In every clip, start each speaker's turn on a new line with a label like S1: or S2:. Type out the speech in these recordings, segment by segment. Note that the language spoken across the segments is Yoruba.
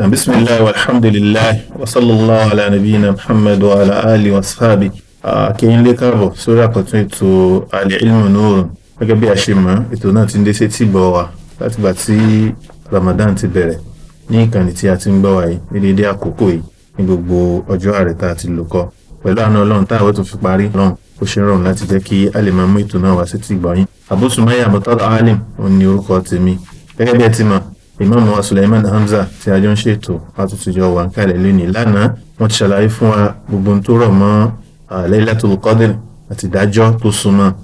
S1: بسم الله والحمد لله وصلى الله على نبينا محمد وعلى آله وصحبه akẹ́yìn lé káàbọ̀ sórí àkọ́tún ètò Al-Ilm Nur gẹ́gẹ́ bí a ṣe mọ̀ ètò náà ti ń dé sétí gbọ́ wa látìgbà tí Ramadan ti bẹ̀rẹ̀ ní ìkànnì tí a ti ń gbọ́ wa yìí ní dédé àkókò yìí ní gbogbo ọjọ́ ààrẹ tá a ti lò kọ́ pẹ̀lú àánú ọlọ́run tá àwọn ètò fi parí ọlọ́run ó ṣe rọrùn láti jẹ́ kí a lè máa mú ètò náà wá sétí gbọ́ yín Abu Sumayya Alim òun ni orúkọ tèmi gẹ́gẹ́ bí ẹ ti mọ̀ imam wa suleiman hamza tí a jọ ń ṣètò àtúntúnjọ wà ń kalẹ̀ lónìí lánàá wọ́n ti ṣàlàyé fún wa gbogbo ohun tó rọ̀ mọ́ Laylatul Qadr àti ìdájọ́ tó súnmọ́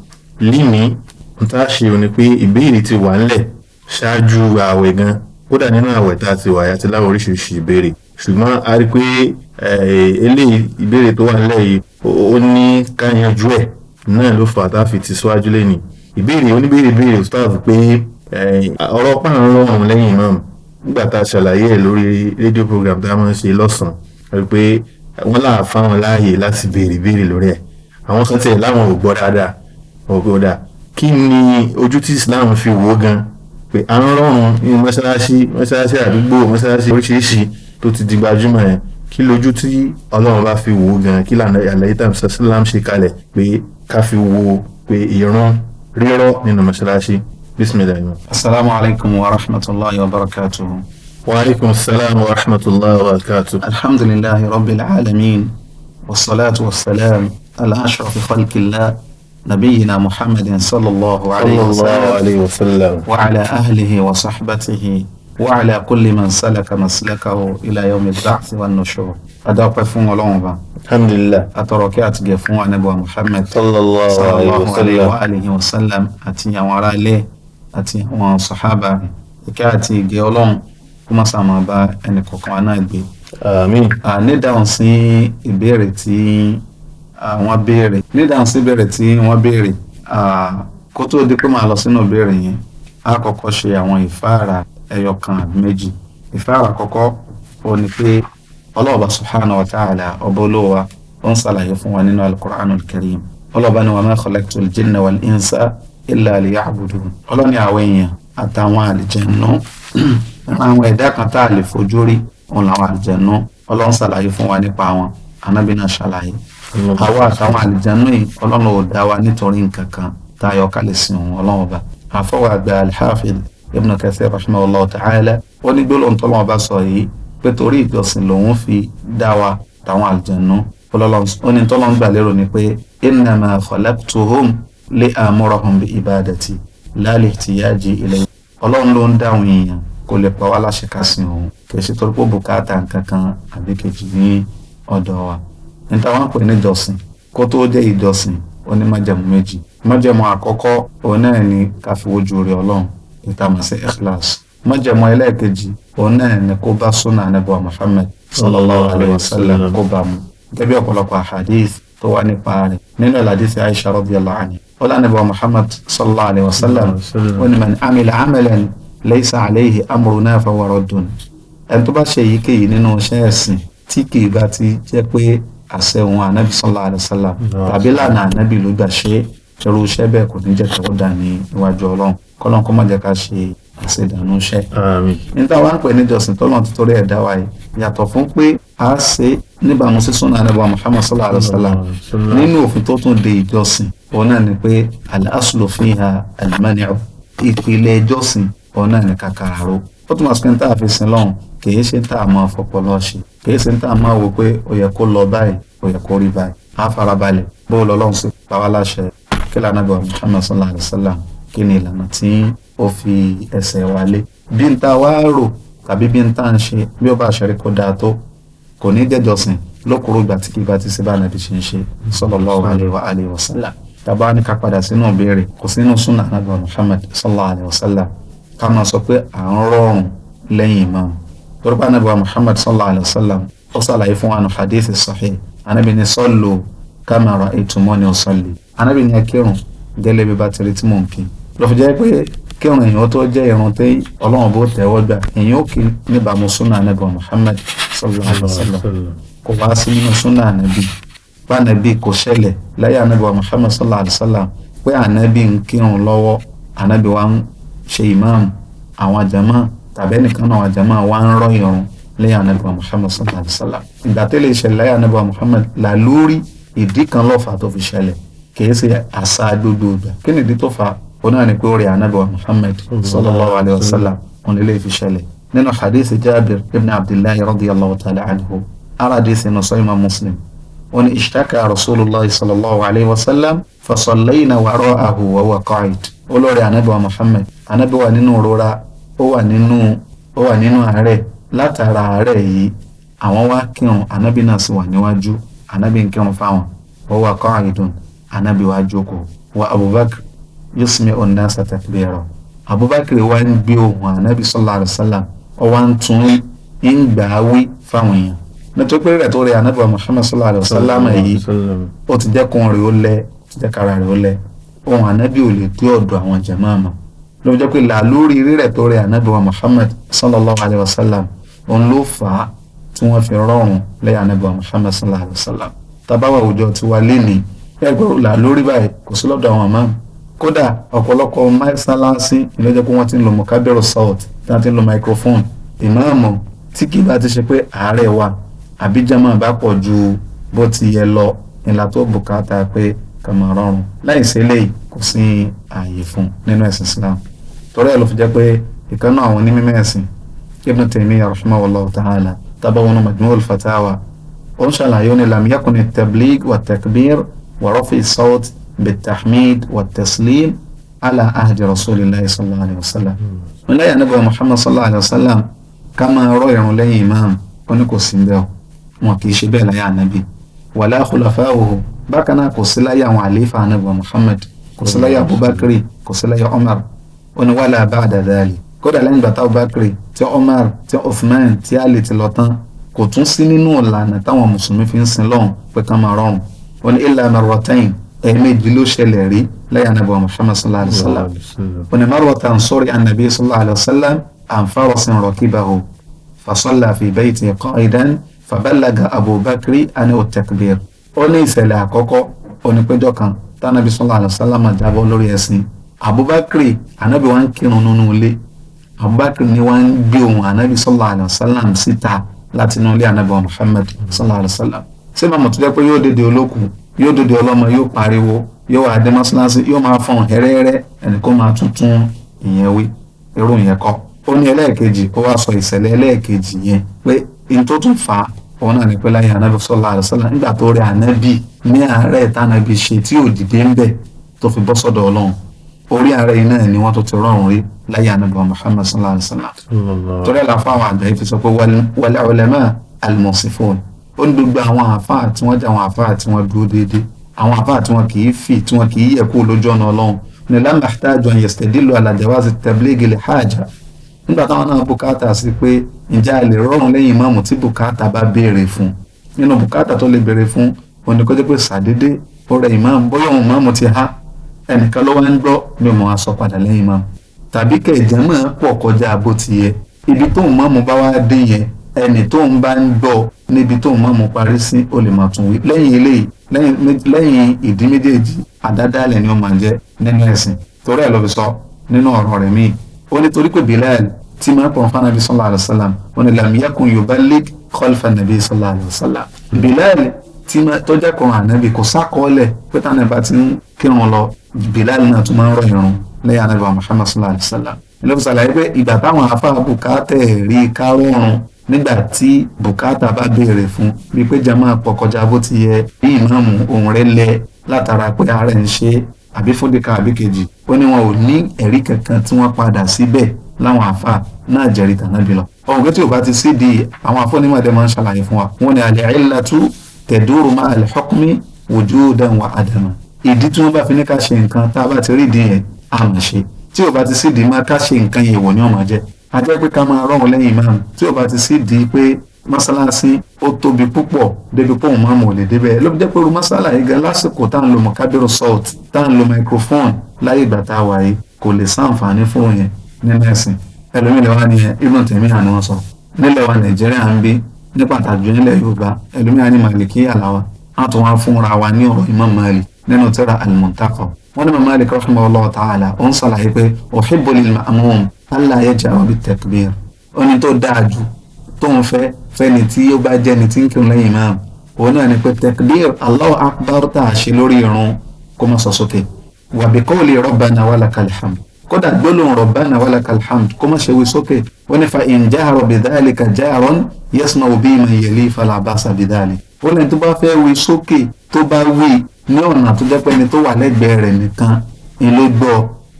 S1: lónìí n tá a ṣe òní pé ìbéèrè ti wà ńlẹ̀ ṣáájú ààwẹ̀ gan kódà nínú ààwẹ̀ tá a ti wà àti láwọn oríṣiríṣi ìbéèrè ṣùgbọ́n a rí pé eléyìí ìbéèrè tó wà ńlẹ̀ yìí ó ní ká ẹ̀ náà ló fà tá a fi ti síwájú lónìí Eh, ọ̀rọ̀ pààrọ̀ ọ̀hún lẹ́yìn imam nígbà tá a ṣàlàyé ẹ̀ lórí rédíò program tá a máa ń ṣe lọ́sàn-án pé wọ́n là fáwọn láàyè láti béèrè béèrè lórí ẹ̀ àwọn kan tẹ̀ láwọn ò gbọ́ dáadáa ò gbọ́ dáa kí ni ojú tí Islam fi wò gan pé à ń rọrùn ní mọ́ṣáláṣí mọ́ṣáláṣí àdúgbò mọ́ṣáláṣí oríṣiríṣi tó ti di gbajúmọ̀ yẹn kí lójú tí ọlọ́run bá fi wò gan kí lànà àlàyé tàbí sàṣìlám ṣe kalẹ̀ pé ká fi wo pé ìran rírọ́ nínú mọ́ṣáláṣí
S2: بسم الله السلام عليكم ورحمة الله وبركاته وعليكم السلام ورحمة الله وبركاته الحمد لله رب العالمين والصلاة والسلام على أشرف خلق الله نبينا محمد صلى الله عليه صلى الله عليه وسلم وعلى أهله وصحبته وعلى كل من سلك مسلكه إلى يوم البعث والنشور أدعوك فون ولونبا الحمد لله أتركات جفون نبوة محمد صلى الله, صلى الله عليه وسلم, وسلم. وآله وسلم وراء ليه àti àwọn sàhábà ìkẹ́ àti ìgẹ́ ọlọ́run kó má sàmà bá ẹnì kọ̀ọ̀kan náà gbé. àmín. nídàhùn sí ìbéèrè tí wọ́n béèrè nídàhùn sí ìbéèrè tí wọ́n béèrè kó tó di pé màá lọ sínú ìbéèrè yẹn a kọ́kọ́ ṣe àwọn ìfáàrà ẹyọ kan àbí méjì ìfáàrà àkọ́kọ́ ò ní pé ọlọ́ọ̀bà subhanahu wa ta'ala ọba olówa ó ń ṣàlàyé fún wa nínú al-Qur'anul karim ọlọ́ọ̀bá ni wa ma khalaqtul jinna wal insa illa liya'budun ọlọ́ni àwọn èèyàn àtàwọn àlìjẹ̀nú àwọn ẹ̀dá kan tá a lè fojú rí òun làwọn àlìjẹ̀nú ọlọ́run ṣàlàyé fún wa nípa wọn anábì náà ṣàlàyé àwa àtàwọn àlìjẹ̀nú yìí ọlọ́run ò dá wa nítorí nǹkan kan tá a yọ kálẹ̀ sí òun ọlọ́run ọba àfọwọ́ àgbà alhafid ibn kathir rahimahullah ta'ala ó ní gbólóhùn tọ́lọ́run ọba sọ lé àmúrọ̀hún bí ibadati lálẹ́ ìtìyájí ilẹ̀ ọlọ́run ló ń dáhùn èèyàn kò lè pa wá láṣẹ ká sìn òun kì í ṣe torí pé bùkátà nǹkan kan àbí kejì ní ọ̀dọ̀ wa níta wọn pè ní ìjọsìn kó tó jẹ́ ìjọsìn ó ní májẹ̀mú méjì májẹ̀mú àkọ́kọ́ òun náà ni ká fi wojú rẹ̀ ọlọ́run níta mà sí ikhlas májẹ̀mú ẹlẹ́ẹ̀kejì òun náà ni kó bá súnà ànábì wa sallallahu alayhi wa sallam kó bá mu gẹ́gẹ́ bí ọ̀pọ̀lọpọ̀ ahadith tó wà nípa rẹ̀ nínú ìlàdísí Aisha radiyallahu anha ó lánàbọ̀ Muhammad sallallahu alayhi wa sallam ó ní man amila amalan laysa alayhi amruna fahuwa raddun ẹni tó bá ṣe èyíkéyìí nínú iṣẹ́ ẹ̀sìn tí kì í bá ti jẹ́ pé àṣẹ òun ànábì sallallahu alayhi wa sallam tàbí lànà ànábì ló gbà ṣe irú iṣẹ́ bẹ́ẹ̀ kò ní jẹ́ tẹ́wọ́ dà iwájú ọlọ́run kọ́lọ́n kó má jẹ́ ká ṣe ṣe dànù iṣẹ́. níta wá ń pè ní ìjọsìn tọ́lọ́run ti torí ẹ̀dá wa yìí yàtọ̀ fún pé a ṣe níbàámu sí súnà anábọ̀ Muhammad sallallahu alayhi wa sallam nínú òfin tó tún de ìjọsìn òun náà ni pé al-aslu fiha al-mani'u ìpìlẹ̀ ìjọsìn òun náà ni kàkàràró ó tún máa sọ pé níta àfi sin lọ́hùn kì í ṣe níta àmọ́ fọpọlọ ṣe kì í ṣe níta àmọ́ wò pé ó yẹ kó lọ báyìí ó yẹ kó rí báyìí á farabalẹ̀ bó lọ́lọ́run sí pa wá láṣẹ kí lànà bọ̀ Muhammad sallallahu alayhi wa sallam kí ni ìlànà tí ó fi ẹsẹ̀ wa lé bí n ta wá rò tàbí bí n ta ń ṣe bí ó bá ṣẹ̀rí kó dáa tó kò ní jẹ́jọ́sìn lókùrú ìgbà tí kìí bá ti ṣe bá nàbí ṣe ń ṣe sallallahu alaihi wa alihi wa sallam tàbá ní ká padà sínú ìbéèrè kò sínú súnà nàbà Muhammad sallallahu alaihi wa sallam ká máa sọ pé à ń rọrùn lẹ́yìn imam torí pé nàbà Muhammad sallallahu alaihi wa sallam ó ṣàlàyé fún àánú hadithi sahih anábì ní sallu kama ra'aytumuni usalli anábì ní akérùn gẹ́lẹ́ bí bá ti rí tí mò ń kí lọ́fọ̀ pé kí irun èèyàn tó jẹ́ irun tí ọlọ́run bó tẹ́wọ́ gbà èèyàn ó kí níbàámu súnà ànábì Muhammad sallallahu alayhi wa sallam kò wá sí nínú súnà ànábì pé ànábì kò ṣẹlẹ̀ láyé ànábì Muhammad sallallahu alayhi wa sallam pé ànábì ń kírun lọ́wọ́ ànábì wa ń ṣe ìmáàmù àwọn jàmá tàbí ẹnìkan náà àwọn jàmá wa ń rọ́ irun lẹ́yìn ànábì Muhammad sallallahu alayhi wa sallam ìgbà tó lè ṣẹlẹ̀ láyé ànábì Muhammad là lórí ìdí kan lọ́fà tó fi ṣẹlẹ̀ kì í ṣe àṣà gbogbo ìgbà kí nìdí tó fà òun náà ni pé orí anabiwa muhammed sallallahu alayhi wa sallam òun lè lè fi ṣẹlẹ̀ nínú hadith jabir ibn abdullahi radiyallahu ta'ala anhu aradis inú sọ́yìnmá muslim òun ni ishtaka rasulillah sallallahu alayhi wa sallam fasallayna wara'ahu wa huwa qa'id olórí anabiwa muhammed anabiwa nínú rora ó wà nínú ó wà nínú àárẹ̀ látara àárẹ̀ yìí àwọn wá kírun anabi náà sì wà níwájú anabi ń kírun fáwọn wa huwa qa'idun anabi jókòó wa abubakar yusmi'u an-nasa takbira abubakar wa ń gbé ohùn anabi sallallahu alayhi wa sallam ó wá ń tún ń gbà á wí fáwọn èèyàn nítorí pé rẹ̀ tó rẹ̀ anabi muhammad sallallahu alayhi wa sallam yìí ó ti jẹ́ kún rẹ̀ ó lẹ̀ ti jẹ́ kára rẹ̀ ó lẹ̀ ohùn anabi ò lè dé ọ̀dọ̀ àwọn jàmáà mọ́ ló jẹ́ pé làlórí rírẹ̀ tó rẹ̀ anabi muhammad sallallahu alayhi wa sallam òun ló fà á tí wọ́n fi rọrùn lẹ́yìn anabi muhammad sallallahu alayhi wa sallam tabawa òjò tiwa lé ní ẹgbẹ́ làlórí báyìí kò sí lọ́dọ̀ àwọn àmọ́ kódà ọ̀pọ̀lọpọ̀ mọ́ṣáláṣí ìlọ́jọ́ pé wọ́n ti ń lo mọ̀kábẹ́rù salt tí wọ́n ti ń lo microphone ìmáàmù tí kì bá ti ṣe pé àárẹ̀ wà àbí jama bá pọ̀ ju bó ti yẹ lọ ìlà tó bùkátà pé kàmá rọrùn láì ṣe lè kò sí ààyè fún nínú ẹ̀sìn Islam torí ẹ̀ ló fi jẹ́ pé ìkànnà àwọn onímọ̀ ẹ̀sìn Ibn Taymiyyah rahimahullah ta'ala tábàwọn Majmu' al ó ń ṣàlàyé ó ní lam yakun at-tabligh wa بالتحميد والتسليم على عهد رسول الله صلى الله عليه وسلم wọn lẹ́yìn anábọ̀ muhammad sallallahu alayhi wa sallam ká máa rọ irun lẹ́yìn imam oní kò sí bẹ́ẹ̀ wọn kì í ṣe bẹ́ẹ̀ láyé anábì wàlá khulafa'uhu bákan náà kò sí láyé àwọn àlééfà anábọ̀ muhammad kò sí láyé abubakar kò sí láyé umar oní wàlá ba'da dhali kódà lẹ́yìn bàtà abubakar tí umar tí uthman tí ali ti lọ tán kò tún sí nínú ìlànà táwọn mùsùlùmí fi ń sin lọ́hùn pé ká máa rọrùn oní illa marratayn ẹ̀ẹ̀mejì ló ṣẹlẹ̀ rí lẹ́yìn anábọ̀ Muhammad sallallahu alayhi wa sallam onímọ̀rọ̀ tàn sórí anabi sallallahu alayhi wa sallam ànfàrọ̀sìn rọ̀kìbàhù fasọ́lá fi bayti qa'idan fàbálàgà abubakri ani otakbir ó ní ìṣẹ̀lẹ̀ àkọ́kọ́ onípẹ́jọ́ kan tànàbí sallallahu alayhi wa sallam jábọ́ lórí ẹ̀sìn abubakri anabi wa ń kírun nínú ilé abubakri ni wọ́n ń gbé ohùn anabi sallallahu alayhi wa sallam síta látinú ilé anabi wa Muhammad sallallahu yóò dòde ọlọ́mọ yóò pariwo yóò wà dé mọ́ṣáláṣí yóò máa fọhùn hẹ́rẹ́hẹ́rẹ́ ẹnìkan máa tuntun ìyẹn wí irú yẹn kọ́ ó ní ẹlẹ́ẹ̀kejì ó wá sọ ìṣẹ̀lẹ̀ ẹlẹ́ẹ̀kejì yẹn pé n tó tún fà á òun náà ní pé láyé ànábì sallallahu alaihi nígbà tó rí ànábì ní àárẹ̀ tánábì ṣe tí ò dìde ń bẹ̀ tó fi bọ́ sọ́dọ̀ ọlọ́run orí ààrẹ yìí náà ni wọ́n tó ti rọrùn rí láyé ànábì Muhammad sallallahu alaihi torí àlàfáà àwọn àgbà yìí fi sọ pé wal ulama al ó ní gbogbo àwọn àáfàá tí wọ́n jẹ́ àwọn àáfàá tí wọ́n dúró déédéé àwọn àáfàá tí wọ́n kì í fì tí wọ́n kì í yẹ̀ kúrò lójú ọ̀nà ọlọ́run ní lámì àtàjọ yẹ̀sítẹ́dílò alàjẹ́wàsí tẹ̀blégì lè hájà nígbà táwọn náà bùkátà sí pé ǹjẹ́ a rọrùn lẹ́yìn ìmáàmù tí bùkátà bá béèrè fún nínú bùkátà tó lè béèrè fún òun ni kó jẹ́ pé sàdédé ó rẹ ìmáàmù bóyá òun ìmáàmù ti há ẹnìkan ló wá ń gbọ́ ni òun á padà lẹ́yìn ìmáàmù tàbí kẹ̀ ìjàmọ́ pọ̀ kọjá bó ti yẹ ibi tó ìmáàmù bá wá dé yẹn ẹnì tó ń bá ń gbọ́ níbi tó ń mọ̀ mọ́ parí sí ó lè máa tún wí lẹ́yìn eléyìí lẹ́yìn ìdí méjèèjì àdádálẹ̀ ni ó máa jẹ́ nínú ẹ̀sìn torí ẹ̀ ló fi sọ nínú ọ̀rọ̀ rẹ̀ míì ó ní torí pé Bilal tí máa pọ̀ fún anabi sallallahu alayhi wa sallam ó ní lam yakun yuballigh khalfa anabi sallallahu alayhi wa Bilal tí tọ́jà kan anabi kò sákọọ́lẹ̀ pé táwọn ẹ̀bá ti ń kírun lọ Bilal náà tún máa ń rọ ìrun lẹ́yìn anabi wa Muhammad sallallahu alayhi wa sallam ló fi sàlàyé pé ìgbà táwọn nígbà tí bùkátà bá béèrè fún bí pé jama pọ̀ kọjá bó ti yẹ bí ìmáàmù òun rẹ̀ lẹ látara pé ara ń ṣe àbí fúndìkà àbí kejì ó ní wọn ò ní ẹ̀rí kankan tí wọ́n padà síbẹ̀ láwọn àfa náà jẹ́rìí tànábì lọ. ọ̀hún kí tí ò bá ti sí di àwọn afọ́nímọ̀dé máa ń ṣàlàyé fún wa wọn ni al-illatu taduru ma'a al-hukmi wujudan wa adaman ìdí tí wọ́n bá fi ní ká ṣe nǹkan tá a bá ti rí ìdí yẹn àmọ̀ ṣe tí ò bá ti sí di máa ká ṣe nǹkan yẹn wọ̀ ní ọmọ jẹ́ ajẹ́ pé ká máa rọrùn lẹ́yìn imam tí ò bá ti sí di pé mọ́sálásí ó tóbi púpọ̀ débi pé òun máa mọ̀ lè débẹ̀ ló fi jẹ́ pé irú mọ́sálà yìí gan lásìkò tá à ń lo mọ̀kábírù salt tá à ń lo microphone láyé ìgbà tá a wà yìí kò lè sáǹfààní fún òun yẹn nínú ẹ̀sìn ẹlòmíì lè wá ní ibùn tèmi àná wọn sọ nílẹ̀ wa nàìjíríà ń bí ní pàtàkì nílẹ̀ yorùbá ẹlòmíì á ní màlìkí àlàwà á tún wá fúnra wa ní ọ̀rọ̀ imam mali nínú tẹ́ra àlùmọ̀ntàkọ̀ọ́ wọ́n ní màmá àdìkọ́ fún Allah ta'ala ó ń ṣàlàyé pé uhibbu lil ma'mum allah yaj'u bit takbir ó ní tó dáa jù tóun fẹ́ fẹ́ni tí ó bá jẹ́ni tí ń kírun lẹ́yìn imam òun náà ni pé takbir Allahu akbar tá a ṣe lórí irun kó má sọ sókè wa bi qawli rabbana walakal hamd kódà gbólóhùn rabbana walakal hamd kó má ṣe wí sókè wọ́n ní fa in jahara bidhalika jahran yasma'u bihi man yalihi ní ọ̀nà tó jẹ́ pé ẹni tó wà lẹ́gbẹ̀ẹ́ rẹ̀ nìkan ilé gbọ́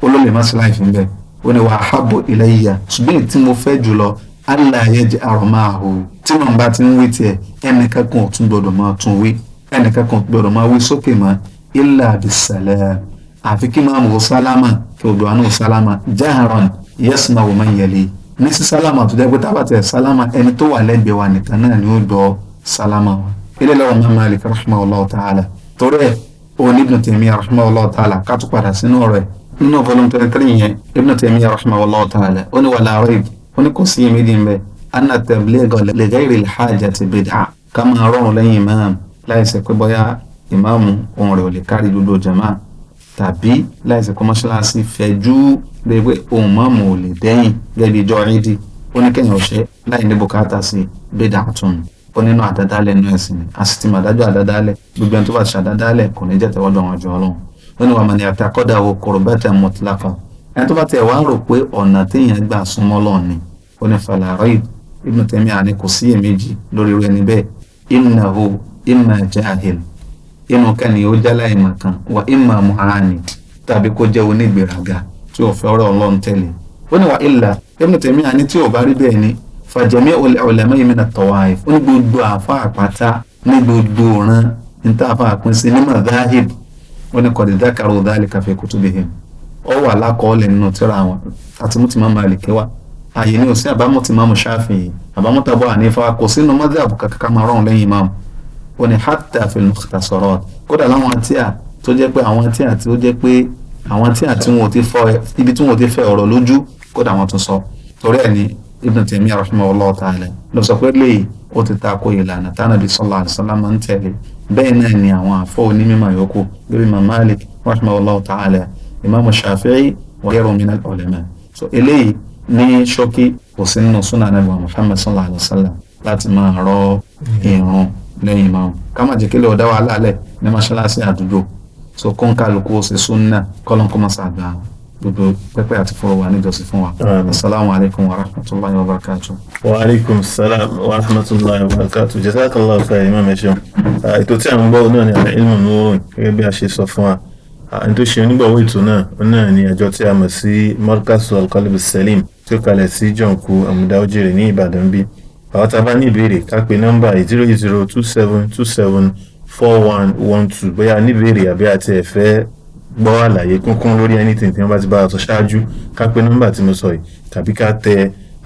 S2: olólè mọ́sálàì fún bẹ́ẹ̀ ó ní wà á hábò ilẹ̀ yíya ṣùgbọ́n èyí tí mo fẹ́ jùlọ aláàyè jẹ́ àròmọ́ àhò tí wọn bá ti ń wí tiẹ̀ ẹnìkan kan ò tún gbọdọ̀ máa tún wí ẹnìkan kan ò tún gbọdọ̀ máa wí sókè mọ́ ilà bisalẹ̀ àfi kí máa mọ̀ sálámà kí odò àánú sálámà sálámà jẹ́ pé tábàtẹ̀ náà ni torí ẹ̀ òun ní Ibn Taymiyyah rahimahullah ta'ala ká tún padà sínú ọ̀rọ̀ ẹ̀ nínú volume twenty three yẹn Ibn Taymiyyah rahimahullah ta'ala ó ní wala rayb ó ní kò sí iyèméjì ń bẹ anna tabligha li ghayri al-hajati bid'ah ká máa rọrùn lẹ́yìn imam láìsẹ̀ pé bóyá ìmáàmù ohun rẹ̀ ò lè kárí gbogbo jama tàbí láìsẹ̀ pé mọ́ṣáláṣí fẹ̀jú lè pé ohun ó nínú àdádálẹ̀ inú ẹ̀sìn ni a sì ti mọ̀ dájú àdádálẹ̀ gbogbo ẹni tó bá ti ṣàdádálẹ̀ kò ní jẹ́ tẹ́wọ́dọ̀ wọn jù ọlọ́run ó ní wàá mọ̀ ní àtàkọ́dà wo kòròbẹ́tẹ̀ mọ̀tìlákan ẹni tó bá tiẹ̀ wá rò pé ọ̀nà téèyàn gbà súnmọ́ lọ́ọ̀ ni ó ní falàrọ́ì Ibn Taymiyyah àní kò sí èméjì lórí irú ẹni bẹ́ẹ̀ innahu imma jahil inú ìmọ̀ kan fàjẹmí ọlẹmọ yìí mìíràn tọwáì ó gbogbo àfa àpáta ní gbogbo òran ní tá a fa àpín sí ní mazahib ó ní kọ̀dé dákàrọ̀ ọ̀dàlẹ̀ káfíń kutubihim ó wà lákọọ́lẹ̀ nínú tíra ma wa ààyè ni ò sí àbámọ̀ ti máa mu ṣáfìyì àbámọ̀ ànífà kò sínú mazhab kàkàkà máa rọrùn lẹ́yìn imáàmù ó wọn Ibn Taymiyyah rahimahullah ta'ala lọ sọ pé lè ó ti ta ko ìlànà tánàbí sallallahu alaihi wasallam máa ń tẹ̀lé bẹ́ẹ̀ náà ni àwọn àfọ onímọ̀ yòókù lórí Imam Malik rahimahullah ta'ala Imam Shafi'i wa ghayruhum min al-ulama so eléyìí ní ṣókí kò sí nínú súnà nàbì Muhammad sallallahu alaihi wasallam láti máa rọ ìrun lẹ́yìn ìmáàmù ká má jẹ́ kí ọ̀dá wa lálẹ̀ ní mọ́ṣáláṣí àdúgbò so kóńkálukú ó ṣe súnà kọ́lọ́ńkọ́mọ́sá àgbà gbogbo pẹpẹ àti fọwọ́ wa níjọsìn fún wa asalaamu alaykum wa rahmatulahi wa barakatu. wa aleykum salaam wa
S1: rahmatulahi wa barakatu jazakallahu khairan imam ẹ̀ṣẹ̀ ah, ètò tí à ń gbọ́ náà ni àlẹ́ ìlú nùúrùn gẹ́gẹ́ bí a ṣe sọ fún wa àwọn ah, tó ṣe onígbàwó ètò náà náà ni àjọ tí a mọ̀ sí markazu alqalib salim tí ó kalẹ̀ sí jọ̀ǹkú àmúdá òjèrè ní ìbàdàn bí àwọn tá a bá ní ìbéèrè ká pe nọ́mbà zero eight zero two seven two seven four one one two bóyá ní ìbéèrè àbí àti ẹ̀fẹ́ gbọ́ àlàyé kúnkún lórí anything tí wọ́n bá ti bá a sọ ṣáájú ká pé nọ́mbà tí mo sọ yìí tàbí ká tẹ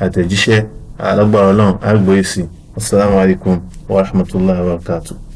S1: àtẹ̀jíṣẹ́ alágbára ọlọ́run àgbọ̀ èsì asalaamualeykum wa rahmatulahi wa barakatuh.